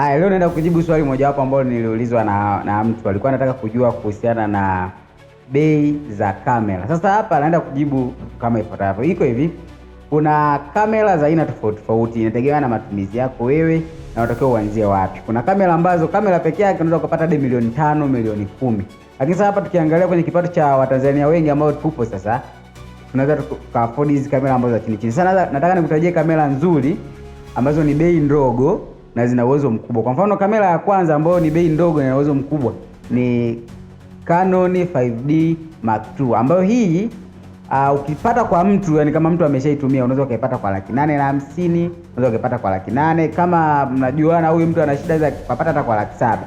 Haya, leo naenda kujibu swali mojawapo ambalo niliulizwa na, na mtu alikuwa anataka kujua kuhusiana na bei za kamera. Sasa hapa naenda kujibu kama ifuatavyo. Iko hivi, kuna kamera za aina tofauti tofauti, inategemea na matumizi yako wewe na unatakiwa uanzie wapi. Kuna kamera ambazo kamera pekee yake unaweza kupata hadi milioni tano, milioni kumi. Lakini sasa hapa tukiangalia kwenye kipato cha Watanzania wengi ambao tupo sasa, tunaweza tukaafodi hizi kamera ambazo za chini chini. Sasa nataka nikutajie kamera nzuri ambazo ni bei ndogo na zina uwezo mkubwa. Kwa mfano kamera ya kwanza ambayo ni bei ndogo na uwezo mkubwa ni Canon 5D Mark II ambayo hii uh, ukipata kwa mtu yani, kama mtu ameshaitumia unaweza ukaipata kwa laki nane na hamsini unaweza ukaipata kwa laki nane kama mnajuana, huyu mtu ana shida za kupata hata kwa laki saba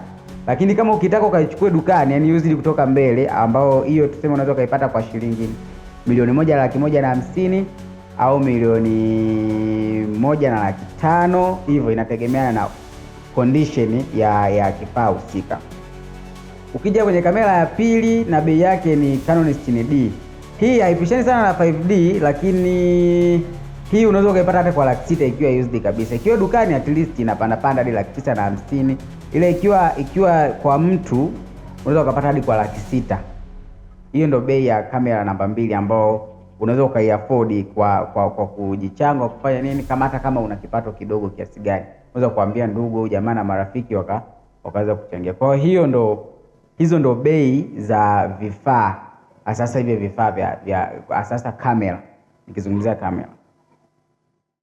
lakini kama ukitaka ukaichukue dukani, yani used kutoka mbele, ambao hiyo tuseme unaweza ukaipata kwa shilingi milioni moja laki moja na hamsini au milioni moja na laki tano hivyo, inategemeana na condition ya ya kifaa husika. Ukija kwenye kamera ya pili na bei yake ni Canon 60D. Hii haipishani sana na 5D, lakini hii unaweza ukaipata hata kwa laki sita ikiwa used kabisa, ikiwa dukani at least inapanda panda hadi laki tisa na hamsini ile ikiwa ikiwa kwa mtu unaweza ukapata hadi kwa laki sita. Hiyo ndio bei ya kamera namba mbili ambayo unaweza ukaiafodi kwa, kwa, kwa kujichanga kufanya nini, kama hata kama una kipato kidogo kiasi gani, unaweza kuambia ndugu au jamaa na marafiki waka wakaweza kuchangia. Kwa hiyo ndo hizo ndo bei za vifaa, asasa hivi vifaa vya asasa kamera, nikizungumzia kamera